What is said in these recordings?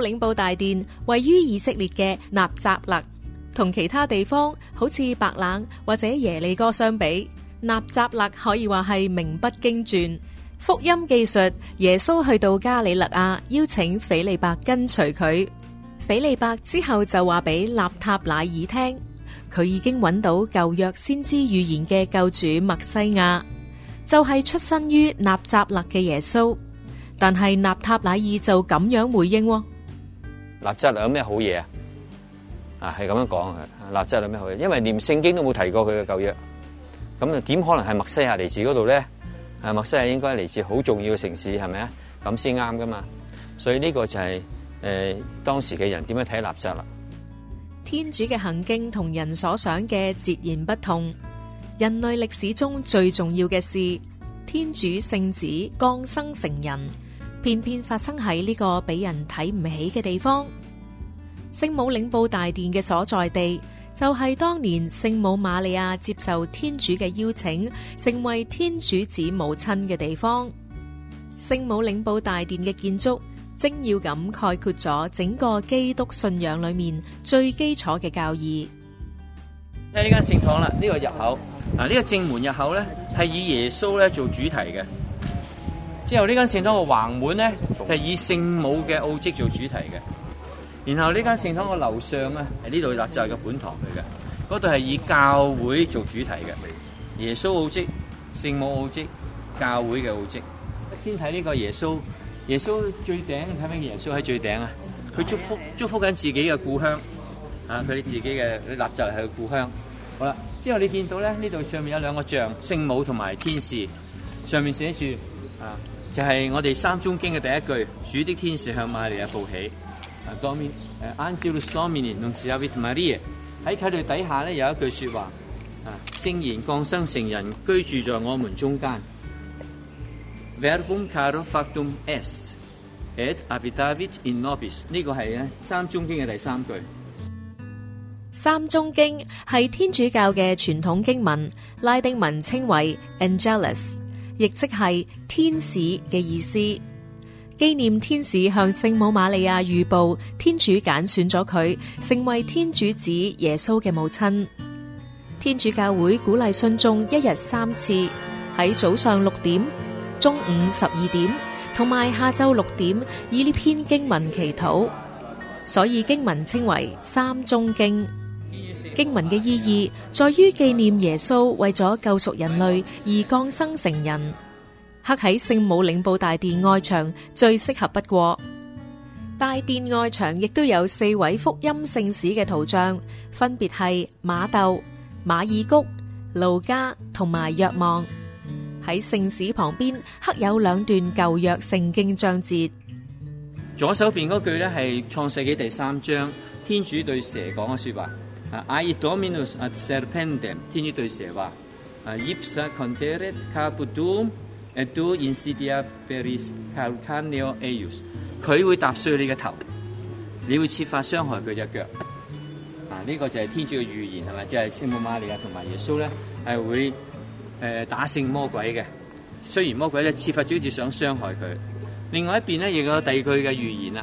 領報大殿位於以色列嘅納扎勒，同其他地方好似白冷或者耶利哥相比，納扎勒可以話係名不經傳。福音技術，耶穌去到加里勒亞，邀請腓利伯跟隨佢。腓利伯之後就話俾納塔乃爾聽，佢已經搵到舊約先知預言嘅救主，麥西亞就係、是、出身於納扎勒嘅耶穌。但係納塔乃爾就咁樣回應。納匝肋有咩好嘢啊？啊，係咁樣講啊！納匝肋有咩好嘢？因為連聖經都冇提過佢嘅舊約，咁啊點可能係默西亞嚟自嗰度咧？啊，默西亞應該嚟自好重要嘅城市，係咪啊？咁先啱㗎嘛？所以呢個就係、是、誒、呃、當時嘅人點樣睇納匝肋啦？天主嘅行徑同人所想嘅截然不同。人類歷史中最重要嘅事，天主聖子降生成人。偏偏發生喺呢個俾人睇唔起嘅地方。聖母領報大殿嘅所在地，就係當年聖母瑪利亞接受天主嘅邀請，成為天主子母親嘅地方。聖母領報大殿嘅建築，精要咁概括咗整個基督信仰裏面最基礎嘅教義。喺呢間聖堂啦，呢、呢個入口，嗱、呢、呢個正門入口咧，係以耶穌咧做主題嘅。之後間聖呢間聖堂嘅橫門咧，就係以聖母嘅奧跡做主題嘅。然後間聖呢間聖堂嘅樓上啊，呢度立就係本堂嚟嘅。嗰度係以教會做主題嘅，耶穌奧跡、聖母奧跡、教會嘅奧跡。先睇呢個耶穌，耶穌最頂睇咩？耶穌喺最頂啊！佢祝福祝福緊自己嘅故鄉啊！佢哋自己嘅立就係故鄉。好啦，之後你見到咧，呢度上面有兩個像聖母同埋天使，上面寫住啊。就係、是、我哋三鐘經嘅第一句，主的天使向瑪利亞報喜。Angelus Domini nuntiavit Mariae 喺佢哋底下咧，有一句說話，誒聖言降生成人，居住在我們中間。Verbum caro factum est et habitavit in nobis 呢個係三鐘經嘅第三句。三鐘經係天主教嘅傳統經文，拉丁文稱為 Angelus 亦即係天使嘅意思，紀念天使向聖母瑪利亞預報天主揀選咗佢，成為天主子耶穌嘅母親。天主教會鼓勵信眾一日三次喺早上六點、中午十二點同埋下晝六點，以呢篇經文祈禱，所以經文稱為三鐘經。經文嘅意義在於紀念耶穌為咗救贖人類而降生成人，刻喺聖母領報大殿外牆最適合不過。大殿外牆亦都有四位福音聖史嘅圖像，分別係馬竇、馬爾谷、路加同埋若望。喺聖史旁邊刻有兩段舊約聖經章節，左手邊嗰句呢係創世紀第三章天主對蛇講嘅說話。啊，天主對蛇話，誒 Ipsa conteret caput tuum, et tu insidiaberis calcaneo eius. 佢會踏碎你嘅頭，你會設法傷害佢隻腳啊。呢、這個就係天主嘅預言，係咪？即係聖母瑪利亞同埋耶穌咧，係會、呃、打勝魔鬼嘅，雖然魔鬼咧設法主好似想傷害佢。另外一邊咧，亦有地區嘅預言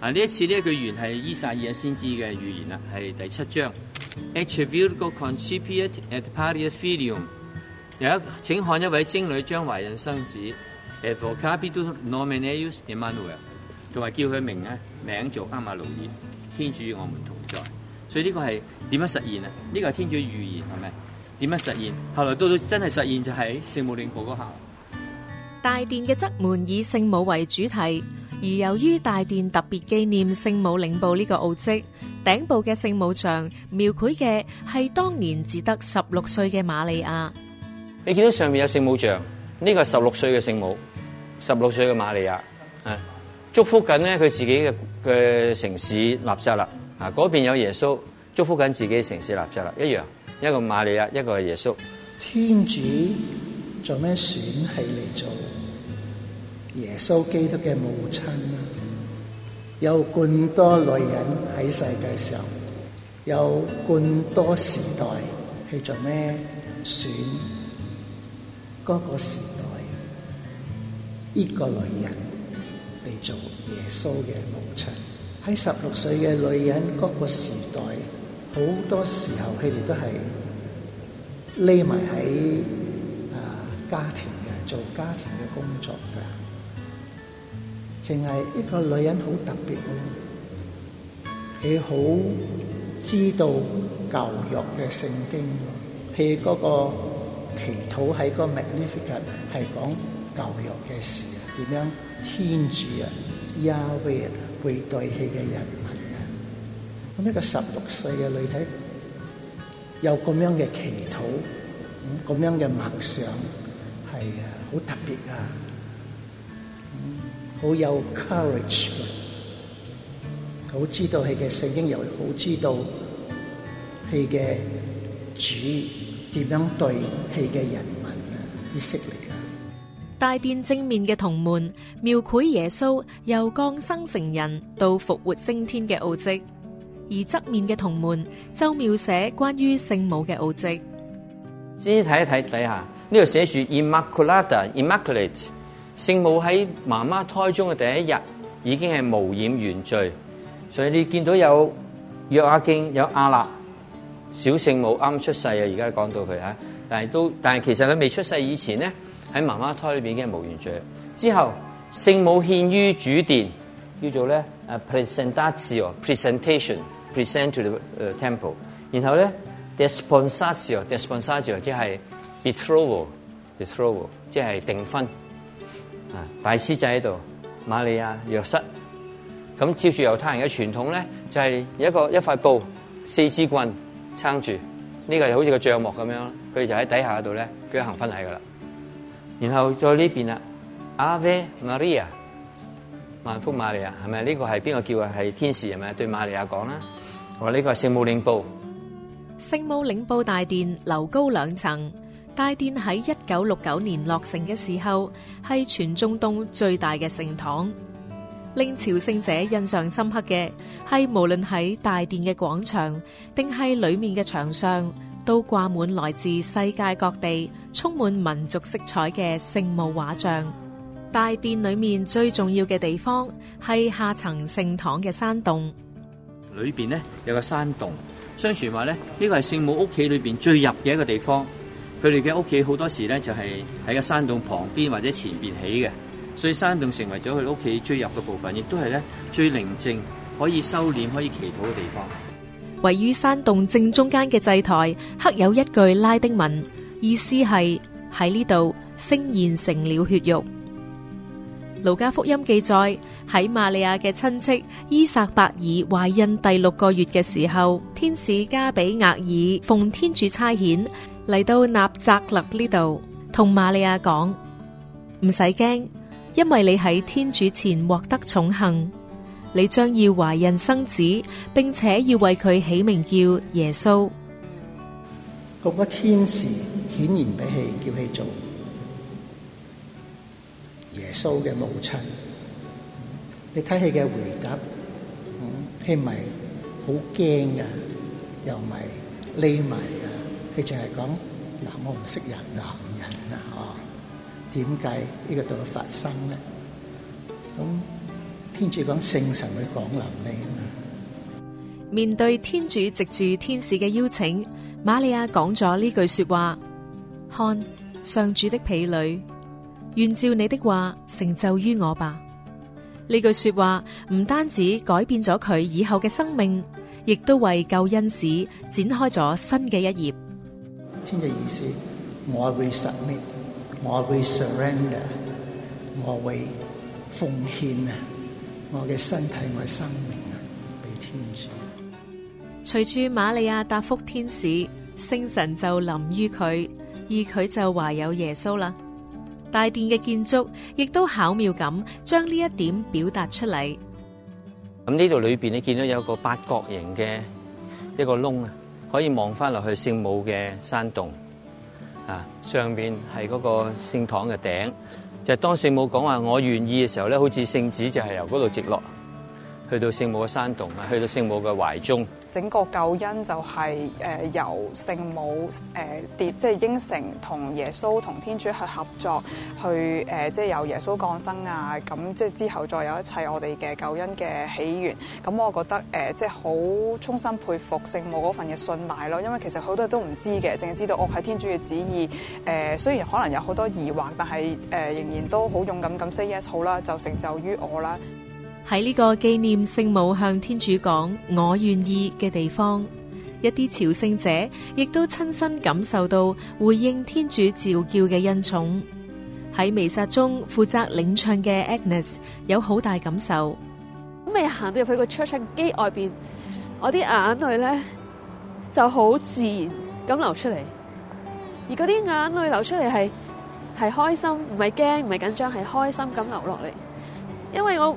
啊！呢一次呢一句語言係伊撒耶先知嘅語言啦，係第七章。有、e、一請看一位精女將懷孕生子，同、e、埋叫佢名啊，名做亞麻路爾。天主與我們同在。所以呢個係點樣實現啊？呢、這個係天主預言係咪？點樣實現？後來到到真係實現就係聖母領報嗰下。大殿嘅側門以聖母為主題。而由於大殿特別紀念聖母領報呢個奧蹟，頂部嘅聖母像描繪嘅係當年只得十六歲嘅瑪利亞。你見到上面有聖母像，呢個係十六歲嘅聖母，十六歲嘅瑪利亞，祝福緊佢自己嘅嘅城市納匝肋啦，啊，嗰邊有耶穌祝福緊自己嘅城市納匝肋啦，一樣，一個瑪利亞，一個係耶穌。天主做咩選係嚟做？耶穌基督嘅母親啊，有咁多女人喺世界上，有咁多時代，去做咩選？嗰個時代，呢個女人嚟，做耶穌嘅母親。喺十六歲嘅女人，嗰個時代好多時候佢哋都係匿埋喺啊家庭嘅，做家庭嘅工作㗎。淨係一個女人好特別，佢好知道舊約嘅聖經，譬如嗰個祈禱喺個 Magnificat 係講舊約嘅事啊，點樣天主啊、亞威啊對待佢嘅人民啊，咁一個十六歲嘅女仔有咁樣嘅祈禱，咁樣嘅默想係啊，好特別啊！好有 courage，好知道佢嘅聖經又好知道佢嘅主點樣對佢嘅人民啊，意識嚟噶。大殿正面嘅銅門描繪耶穌由降生成人到復活升天嘅奧迹，而側面嘅銅門就描寫關於聖母嘅奧迹。先睇一睇底下呢度寫住 Immaculada，Immaculate。聖母喺媽媽胎中嘅第一日已經係無染原罪，所以你見到有約阿經有阿納小聖母啱出世啊，而家講到佢嚇，但係都但係其實佢未出世以前咧，喺媽媽胎裏邊已經係無原罪。之後聖母獻於主殿，叫做咧 presentatio presentation present to the temple，然後咧 desponsatio desponsatio 即係 betrothal，betrothal，即係訂婚。啊！大師仔喺度，瑪利亞約瑟。咁照住猶太人嘅傳統咧，就係、是、一個一塊布四支棍撐住，呢、這個好似個帳幕咁樣，佢哋就喺底下度咧舉行婚禮噶啦。然後再呢邊啦，Ave Maria，萬福瑪利亞，係咪？呢、這個係邊個叫啊？係天使係咪？對瑪利亞講啦。我、這、呢個聖母領報。聖母領報大殿樓高兩層。大殿喺一九六九年落成嘅時候，係全中東最大嘅聖堂。令朝聖者印象深刻嘅係，無論喺大殿嘅廣場，定係裏面嘅牆上，都掛滿來自世界各地、充滿民族色彩嘅聖母畫像。大殿裏面最重要嘅地方係下層聖堂嘅山洞。裏邊咧有個山洞，相傳話咧呢個係聖母屋企裏邊最入嘅一個地方。佢哋嘅屋企好多時咧，就係喺個山洞旁邊或者前邊起嘅，所以山洞成為咗佢屋企最入嘅部分，亦都係咧最寧靜、可以修煉、可以祈禱嘅地方。位於山洞正中間嘅祭台，刻有一句拉丁文，意思係喺呢度聖言成了血肉。路加福音記載喺瑪利亞嘅親戚伊撒伯爾懷孕第六個月嘅時候，天使加俾額爾奉天主差遣。嚟到納澤勒呢度，同瑪利亞講，唔使驚，因為你喺天主前獲得寵幸，你將要懷孕生子，並且要為佢起名叫耶穌。嗰個天使顯然俾佢叫起做耶穌嘅母親。你睇佢嘅回答，嗯，係咪好驚噶？又咪匿埋？佢淨係講嗱，我唔識人男人啊，點解呢個度發生咧？咁天主講聖神去講你啊嘛。面對天主藉住天使嘅邀請，瑪利亞講咗呢句說話：看上主的婢女，願照你的話成就於我吧。呢句說話唔單止改變咗佢以後嘅生命，亦都為救恩史展開咗新嘅一頁。聽、這、日、個、意思，我會 submit 我會 surrender，我會奉獻我嘅身體、我生命啊，俾天主。隨住瑪利亞答覆天使，聖神就臨於佢，而佢就懷有耶穌啦。大殿嘅建築亦都巧妙咁將呢一點表達出嚟。咁呢度裏邊你見到有個八角形嘅一個窿啊。可以望返落去聖母嘅山洞，啊，上面係嗰個聖堂嘅頂，就是、當聖母講話我願意嘅時候咧，好似聖子就係由嗰度直落。去到聖母嘅山洞，去到聖母嘅懷中，整個救恩就係誒由聖母誒跌，即係應承同耶穌同天主去合作，去誒即係由耶穌降生啊！咁即係之後再有一切我哋嘅救恩嘅起源。咁我覺得誒即係好衷心佩服聖母嗰份嘅信賴咯，因為其實好多人都唔知嘅，淨係知道我係天主嘅旨意。誒雖然可能有好多疑惑，但係誒仍然都好勇敢咁 say yes 好啦，就成就於我啦。喺呢個紀念聖母向天主講「我願意」嘅地方，一啲朝聖者亦都親身感受到回應天主召叫嘅恩寵。喺彌撒中負責領唱嘅 Agnes 有好大感受。咁我行到入去個 church 嘅機外邊，我啲眼淚咧就好自然咁流出嚟。而嗰啲眼淚流出嚟係係開心，唔係驚，唔係緊張，係開心咁流落嚟，因為我。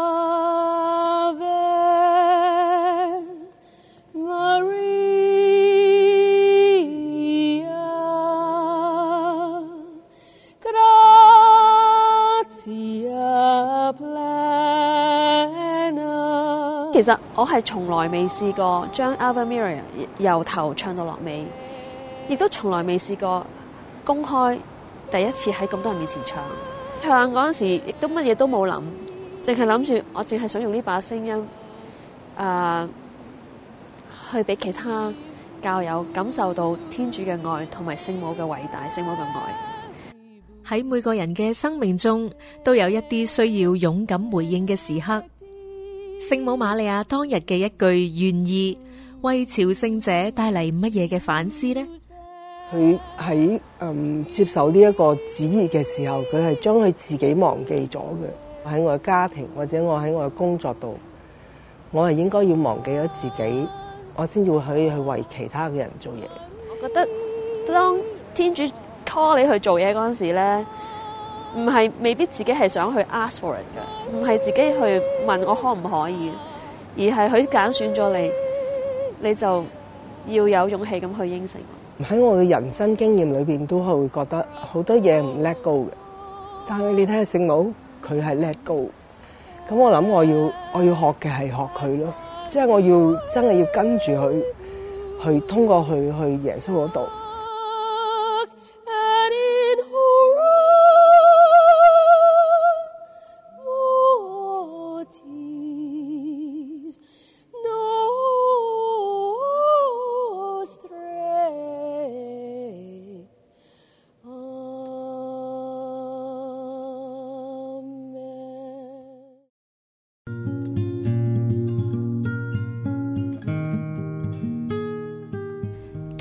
其實我係從來未試過將 Ave Maria 由頭唱到落尾，亦都從來未試過公開第一次喺咁多人面前唱。唱嗰陣時亦都乜嘢都冇諗，淨係諗住我淨係想用呢把聲音誒、呃，去俾其他教友感受到天主嘅愛同埋聖母嘅偉大，聖母嘅愛。喺每個人嘅生命中，都有一啲需要勇敢回應嘅時刻。聖母瑪利亞當日嘅一句願意，為朝聖者帶嚟乜嘢嘅反思呢？佢喺嗯，接受呢一個旨意嘅時候，佢係將佢自己忘記咗嘅。喺我嘅家庭或者我喺我嘅工作度，我係應該要忘記咗自己，我先要去去為其他嘅人做嘢。我覺得當天主 call 你去做嘢嗰陣時咧。唔係未必自己係想去 ask for 人嘅，唔係自己去問我可唔可以，而係佢揀選咗你，你就要有勇氣咁去應承。喺我嘅人生經驗裏邊，都係會覺得好多嘢唔 let go 嘅，但係你睇下聖母，佢係 let go，咁我諗我要我要學嘅係學佢咯，即係我要真係要跟住佢，去通過佢去耶穌嗰度。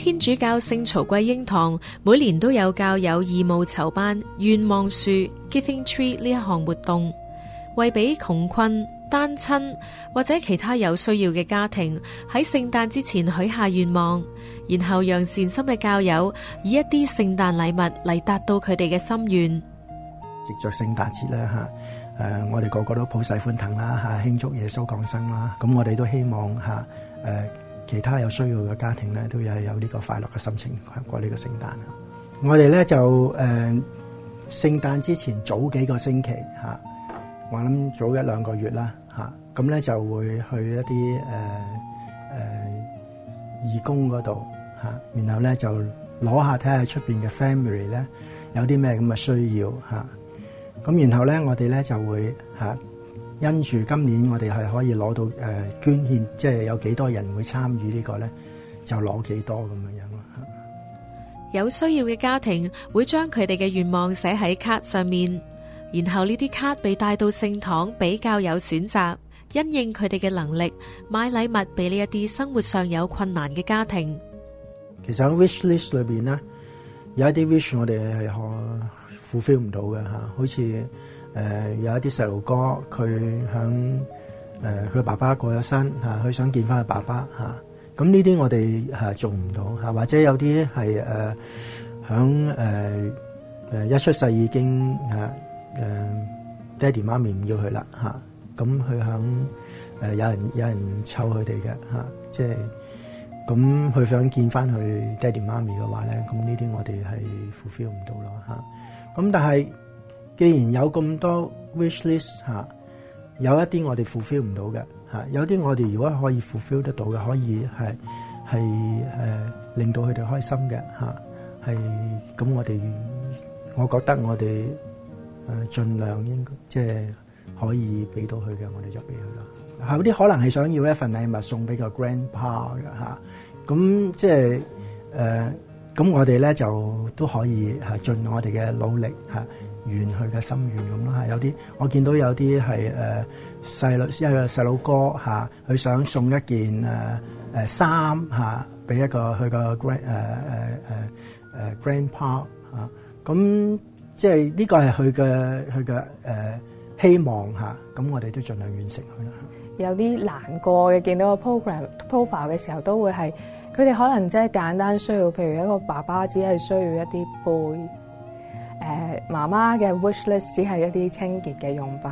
天主教聖曹桂英堂每年都有教友義務籌辦願望樹 （Giving Tree） 呢一項活動，為俾窮困、單親或者其他有需要嘅家庭喺聖誕之前許下願望，然後讓善心嘅教友以一啲聖誕禮物嚟達到佢哋嘅心願。值着聖誕節啦吓，誒，我哋個個都普世歡騰啦吓，慶祝耶穌降生啦，咁我哋都希望吓誒。其他有需要嘅家庭咧，都係有呢個快樂嘅心情過呢個聖誕。我哋咧就誒，聖誕之前早幾個星期吓，我諗早一兩個月啦吓，咁咧就會去一啲誒誒義工嗰度吓，然後咧就攞下睇下出邊嘅 family 咧有啲咩咁嘅需要吓，咁然後咧我哋咧就會吓。因住今年我哋係可以攞到誒捐獻，即係有幾多人會參與呢個咧，就攞幾多咁樣樣咯。有需要嘅家庭會將佢哋嘅願望寫喺卡上面，然後呢啲卡被帶到聖堂，比較有選擇，因應佢哋嘅能力買禮物俾呢一啲生活上有困難嘅家庭。其實喺 wish list 裏邊咧，有一啲 wish 我哋係可 fulfil 唔到嘅吓，好似。誒、呃、有一啲細路哥，佢響誒佢爸爸過咗身嚇，佢、啊、想見翻佢爸爸嚇。咁呢啲我哋係做唔到嚇、啊，或者有啲係誒響誒誒一出世已經嚇誒爹哋媽咪唔要佢啦嚇。咁佢響誒有人有人湊佢哋嘅嚇，即係咁佢想見翻佢爹哋媽咪嘅話咧，咁呢啲我哋係 fulfill 唔到咯嚇。咁、啊、但係。既然有咁多 wish list 吓，啊，有一啲我哋 fulfill 唔到嘅吓，啊，有啲我哋如果可以 fulfill 得到嘅，可以係，係誒、啊、令到佢哋開心嘅吓，係、啊，咁我哋我覺得我哋誒盡量應該即係可以俾到佢嘅，我哋就俾佢啦。有啲可能係想要一份禮物送俾個 grandpa 嘅吓，咁即係誒咁我哋咧就都可以吓盡、啊、我哋嘅努力吓。啊圓佢嘅心願。咁啦，有啲我見到有啲係誒細佬，一個細佬哥嚇，佢、啊、想送一件誒誒衫嚇俾一個佢、啊啊啊啊、個 grand 誒誒誒誒 grandpa 嚇，咁即係呢個係佢嘅佢嘅誒希望嚇，咁、啊、我哋都盡量完成佢啦、啊。有啲難過嘅見到個 program profile 嘅時候，都會係佢哋可能即係簡單需要，譬如一個爸爸只係需要一啲杯。誒媽媽嘅 wish list 只係一啲清潔嘅用品，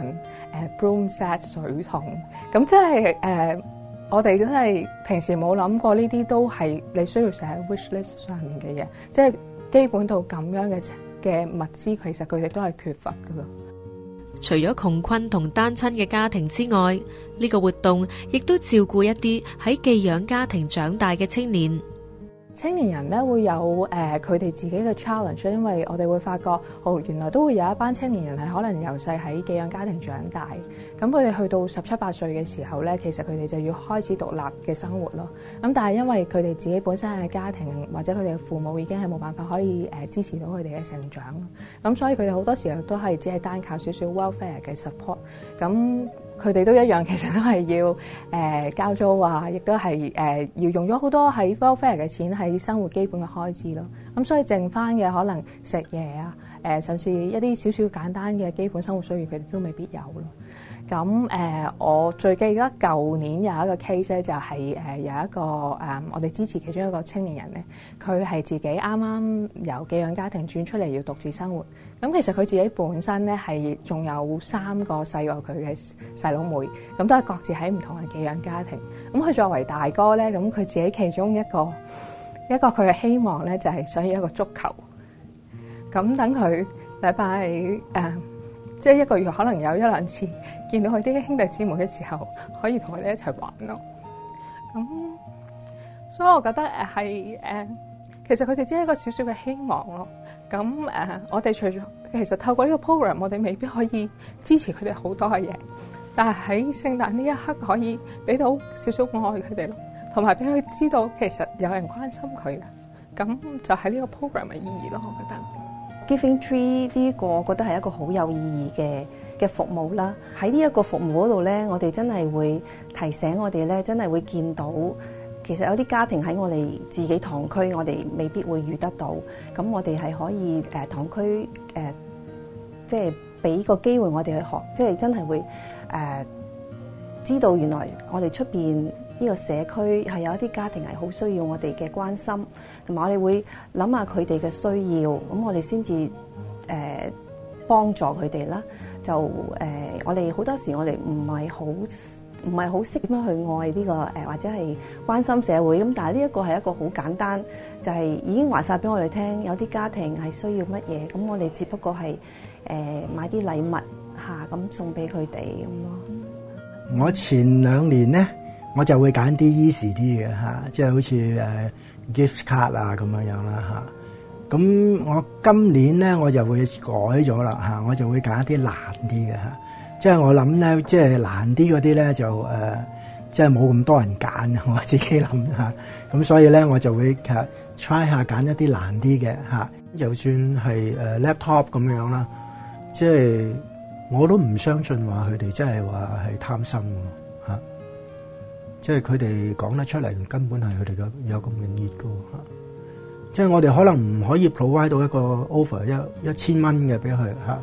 誒 broom set、水桶，咁即係誒我哋真係平時冇諗過呢啲都係你需要寫喺 wish list 上面嘅嘢，即係基本到咁樣嘅嘅物資，其實佢哋都係缺乏噶。除咗窮困同單親嘅家庭之外，呢個活動亦都照顧一啲喺寄養家庭長大嘅青年。青年人咧會有誒佢哋自己嘅 challenge，因為我哋會發覺，哦原來都會有一班青年人係可能由細喺寄養家庭長大，咁佢哋去到十七八歲嘅時候咧，其實佢哋就要開始獨立嘅生活咯。咁但係因為佢哋自己本身嘅家庭或者佢哋嘅父母已經係冇辦法可以，呃，支持到佢哋嘅成長，咁所以佢哋好多時候都係只係單靠少少 welfare 嘅 support 咁。佢哋都一樣，其實都係要、呃、交租啊，亦都係要、呃、用咗好多喺 welfare 嘅錢喺生活基本嘅開支咯。咁、嗯、所以剩翻嘅可能食嘢啊、呃，甚至一啲少少簡單嘅基本生活需要，佢哋都未必有咯。咁、嗯呃、我最記得舊年有一個 case 咧，就係有一個、嗯、我哋支持其中一個青年人咧，佢係自己啱啱由寄養家庭轉出嚟，要獨自生活。咁其實佢自己本身咧係仲有三個細個佢嘅細佬妹，咁都係各自喺唔同嘅寄養家庭。咁佢作為大哥咧，咁佢自己其中一個一個佢嘅希望咧，就係、係、想要一個足球。咁等佢禮拜誒，即、呃、係、就係、一個月可能有一兩次見到佢啲兄弟姊妹嘅時候，可以同佢哋一齊玩咯。咁所以我覺得係誒、呃，其實佢哋只係一個少少嘅希望咯。咁誒，我哋除咗其實透過呢個 program，我哋未必可以支持佢哋好多嘅嘢，但係喺聖誕呢一刻可以俾到少少愛佢哋咯，同埋俾佢知道其實有人關心佢嘅，咁就係呢個 program 嘅意義咯，我覺得。Giving Tree 呢個我覺得係一個好有意義嘅嘅服務啦，喺呢一個服務嗰度咧，我哋真係會提醒我哋咧，真係會見到。其實有啲家庭喺我哋自己堂區，我哋未必會遇得到。咁我哋係可以誒堂區誒，即係俾個機會我哋去學，即係真係會誒知道原來我哋出邊呢個社區係有一啲家庭係好需要我哋嘅關心，同埋我哋會諗下佢哋嘅需要，咁我哋先至誒幫助佢哋啦。就誒，我哋好多時我哋唔係好。唔係好識點樣去愛呢、這個誒，或者係關心社會咁。但係呢一個係一個好簡單，就係、是、已經話晒俾我哋聽，有啲家庭係需要乜嘢咁，我哋只不過係誒、呃、買啲禮物嚇咁、啊、送俾佢哋咁咯。我前兩年呢，我就會揀啲 easy 啲嘅嚇，即係好似誒 gift card 啊咁樣樣啦嚇。咁、啊、我今年呢，我就會改咗啦嚇，我就會揀一啲難啲嘅嚇。啊。即係我諗咧，即係難啲嗰啲咧就、呃、即係冇咁多人揀。我自己諗嚇，咁所以咧我就會嘅 try 下揀一啲難啲嘅嚇。就、啊、算係、呃、laptop 咁樣啦，即係我都唔相信話佢哋真係話係貪心嚇、啊。即係佢哋講得出嚟，根本係佢哋咁有咁嘅熱嘅嚇。即係我哋可能唔可以 provide 到一個 over 一一千蚊嘅俾佢嚇，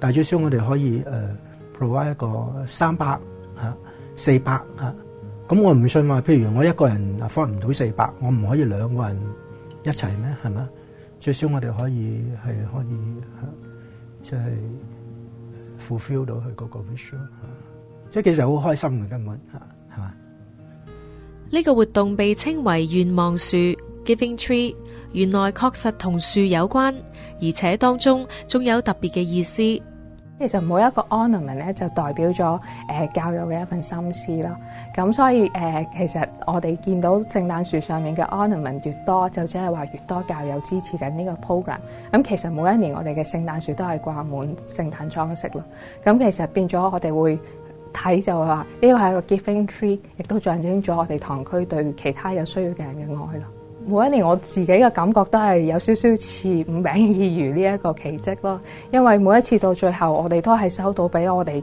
但係至少我哋可以、呃 provide 一個三百吓四百吓，咁我唔信話，譬如我一個人啊分唔到四百，我唔可以兩個人一齊咩？係咪？最少我哋可以係可以即係、就是、fulfil 到佢嗰個 vision 即係其實好開心嘅根本吓，係嘛？呢、呢個活動被稱為願望樹 （Giving Tree），原來確實同樹有關，而且當中仲有特別嘅意思。其實每一個 ornament 咧就代表咗、呃、教友嘅一份心思咯，咁所以、呃、其實我哋見到聖誕樹上面嘅 ornament 越多，就只係話越多教友支持緊呢個 program。咁其實每一年我哋嘅聖誕樹都係掛滿聖誕裝飾咯，咁其實變咗我哋會睇就話呢個係一個 giving tree，亦都象徵咗我哋堂區對其他有需要嘅人嘅愛咯。每一年我自己嘅感覺都係有少少似五餅二魚呢一個奇蹟咯，因為每一次到最後，我哋都係收到比我哋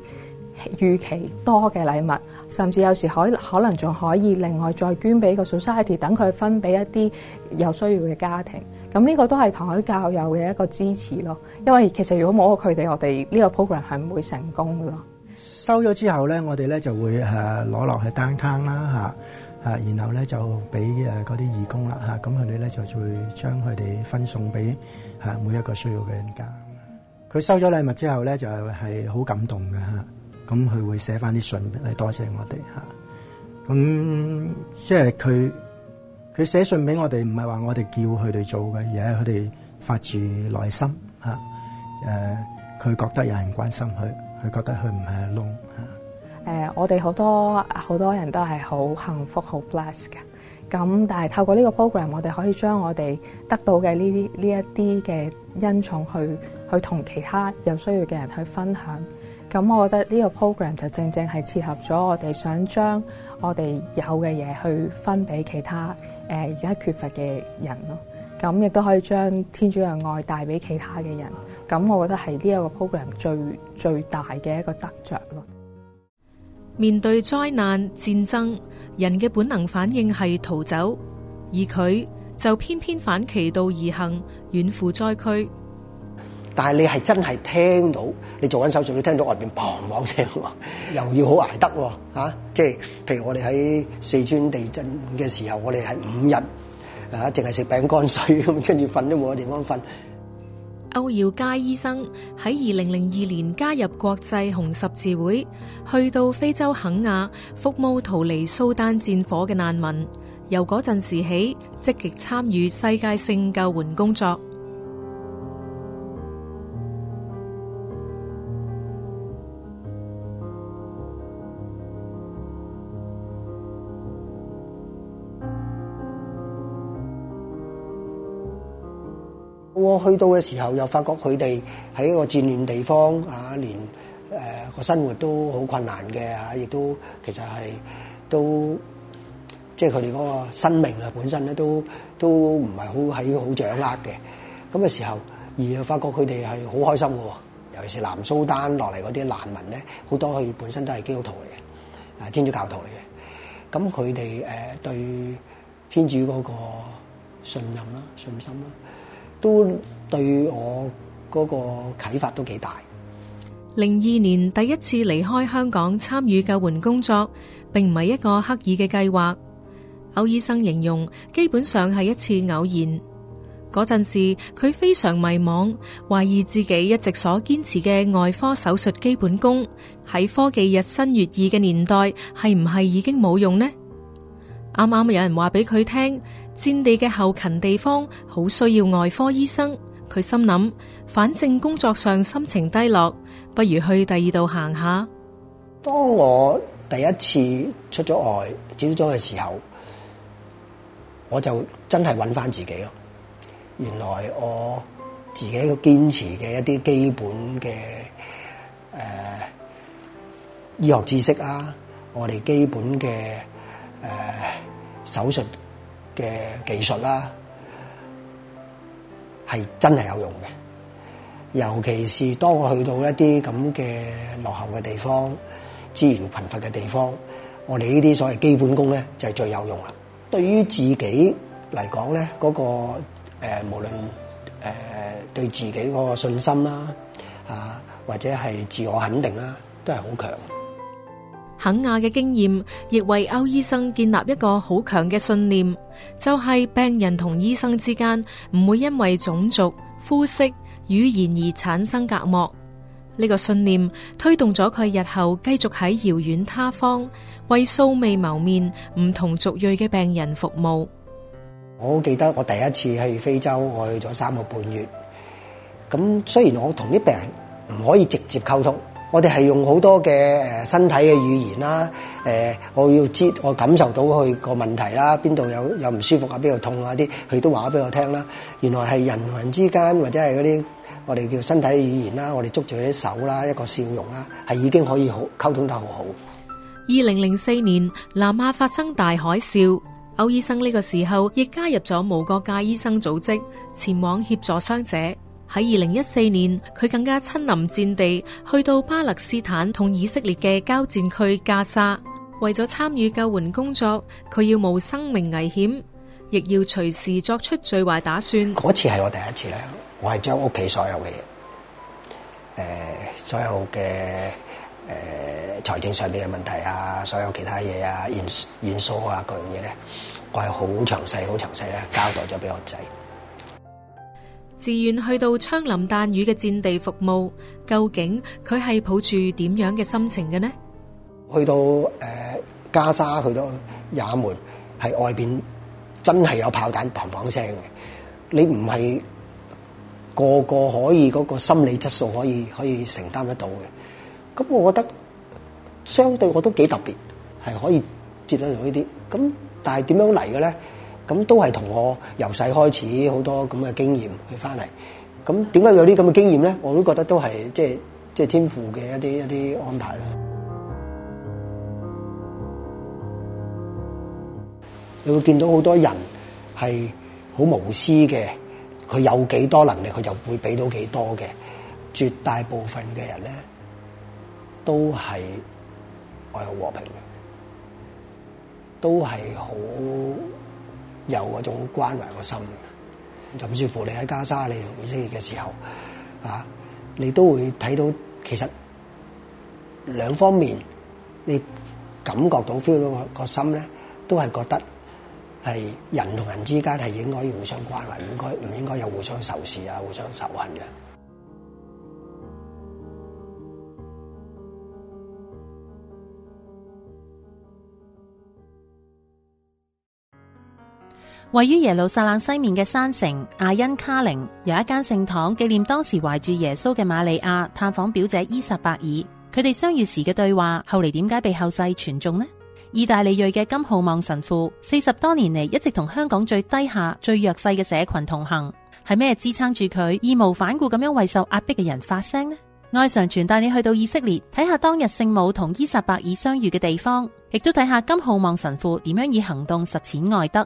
預期多嘅禮物，甚至有時可可能仲可以另外再捐俾個 society，等佢分俾一啲有需要嘅家庭。咁呢個都係糖海教友嘅一個支持咯。因為其實如果冇咗佢哋，我哋呢個 program 係唔會成功嘅咯。收咗之後咧，我哋咧就會誒攞落去 downtown 啦吓。啊，然後咧就俾誒嗰啲義工啦吓，咁佢哋咧就會將佢哋分送俾吓每一個需要嘅人家。佢收咗禮物之後咧就係好感動嘅吓，咁佢會寫翻啲信嚟多謝我哋吓。咁即係佢佢寫信俾我哋，唔係話我哋叫佢哋做嘅，而係佢哋發自內心吓。誒，佢覺得有人關心佢，佢覺得佢唔係個窿吓。誒、呃，我哋好多好多人都係好幸福、好 bless 嘅。咁，但係透過呢個 program，我哋可以將我哋得到嘅呢啲呢一啲嘅恩寵去，去去同其他有需要嘅人去分享。咁，我覺得呢個 program 就正正係切合咗我哋想將我哋有嘅嘢去分俾其他誒而家缺乏嘅人咯。咁亦都可以將天主嘅愛帶俾其他嘅人。咁，我覺得係呢一個 program 最最大嘅一個得著咯。面對災難、戰爭，人嘅本能反應係逃走，而佢就偏偏反其道而行，遠赴災區。但係你係真係聽到，你做緊手術，你聽到外邊砰砰聲，又要好捱得啊！即係，譬如我哋喺四川地震嘅時候，我哋係五日啊，淨係食餅乾水咁，跟住瞓都冇個地方瞓。歐耀佳醫生喺二零零二年加入國際紅十字會，去到非洲肯亞，服務逃離蘇丹戰火嘅難民。由陣時起，積極參與世界性救援工作。我去到嘅時候，又發覺佢哋喺一個戰亂地方啊，連誒個生活都好困難嘅啊，亦都其實係都即係佢哋嗰個生命啊，本身咧都都唔係好喺好掌握嘅。咁嘅時候，而又發覺佢哋係好開心嘅，尤其是南蘇丹落嚟嗰啲難民咧，好多佢本身都係基督徒嚟嘅，啊天主教徒嚟嘅。咁佢哋誒對天主嗰個信任啦、信心啦。都對我嗰個啟發都幾大。零二年第一次離開香港參與救援工作，並唔係一個刻意嘅計劃。歐醫生形容，基本上係一次偶然。嗰陣時佢非常迷茫，懷疑自己一直所堅持嘅外科手術基本功，喺科技日新月異嘅年代，係唔係已經冇用呢？啱啱有人話俾佢聽。戰地嘅後勤地方好需要外科醫生，佢心諗，反正工作上心情低落，不如去第二度行下。當我第一次出咗外，剪咗嘅時候，我就真係揾翻自己咯。原來我自己個堅持嘅一啲基本嘅誒、呃、醫學知識啦，我哋基本嘅誒、呃、手術。嘅技術啦，係真係有用嘅。尤其是當我去到一啲咁嘅落後嘅地方、資源貧乏嘅地方，我哋呢啲所謂基本功咧就係最有用啦。對於自己嚟講咧，嗰個誒無論誒對自己嗰個信心啦啊，或者係自我肯定啦，都係好強。肯雅嘅經驗亦為歐醫生建立一個好強嘅信念，就係病人同醫生之間唔會因為種族、膚色、語言而產生隔膜。呢個信念推動咗佢日後繼續喺遙遠他方為素未謀面唔同族裔嘅病人服務。我記得我第一次去非洲，我去咗三個半月。咁雖然我同啲病人唔可以直接溝通。我哋係用好多嘅誒身體嘅語言啦，誒、呃，我要知我感受到佢個問題啦，邊度有有唔舒服啊，邊度痛啊啲，佢都話咗俾我聽啦。原來係人同人之間，或者係嗰啲我哋叫身體嘅語言啦，我哋捉住佢啲手啦，一個笑容啦，係已經可以好溝通得好好。二零零四年，南亞發生大海嘯，歐醫生呢個時候亦加入咗無國界醫生組織，前往協助傷者。喺二零一四年，佢更加親臨戰地，去到巴勒斯坦同以色列嘅交戰區加沙。為咗參與救援工作，佢要冒生命危險，亦要隨時作出最壞打算。嗰次係我第一次咧，我係將屋企所有嘅嘢，誒，所有嘅誒財政上面嘅問題啊，所有其他嘢啊，現現數啊各樣嘢咧，我係好詳細、好詳細咧交代咗俾我仔。自願去到槍林彈雨嘅戰地服務，究竟佢係抱住點樣嘅心情嘅呢？去到誒加沙，去到也門，喺外邊真係有炮彈砰砰聲嘅，你唔係個個可以嗰個心理質素可以可以承擔得到嘅。咁我覺得相對我都幾特別，係可以接得到呢啲。咁但係點樣嚟嘅咧？咁都係同我由細開始好多咁嘅經驗去翻嚟。咁點解有啲咁嘅經驗咧？我都覺得都係即係即係天賦嘅一啲一啲安排啦。你會見到好多人係好無私嘅，佢有幾多能力，佢就會俾到幾多嘅。絕大部分嘅人咧，都係愛有和平嘅，都係好。有嗰種關懷個心，甚至乎你喺加沙你同以色列嘅時候，啊，你都會睇到其實兩方面，你感覺到 feel 到個個心咧，都係覺得係人同人之間係應該互相關懷，唔應該唔應該有互相仇視啊，互相仇恨嘅。位於耶路撒冷西面嘅山城阿恩卡靈，有一間聖堂紀念當時懷住耶穌嘅瑪利亞探訪表姐伊撒伯爾。佢哋相遇時嘅對話，後嚟點解被後世傳頌呢？意大利裔嘅甘浩望神父四十多年嚟一直同香港最低下最弱勢嘅社群同行，係咩支撐住佢義無反顧咁樣為受壓迫嘅人發聲呢？愛常傳帶你去到以色列睇下當日聖母同伊撒伯爾相遇嘅地方，亦都睇下甘浩望神父點樣以行動實踐愛德。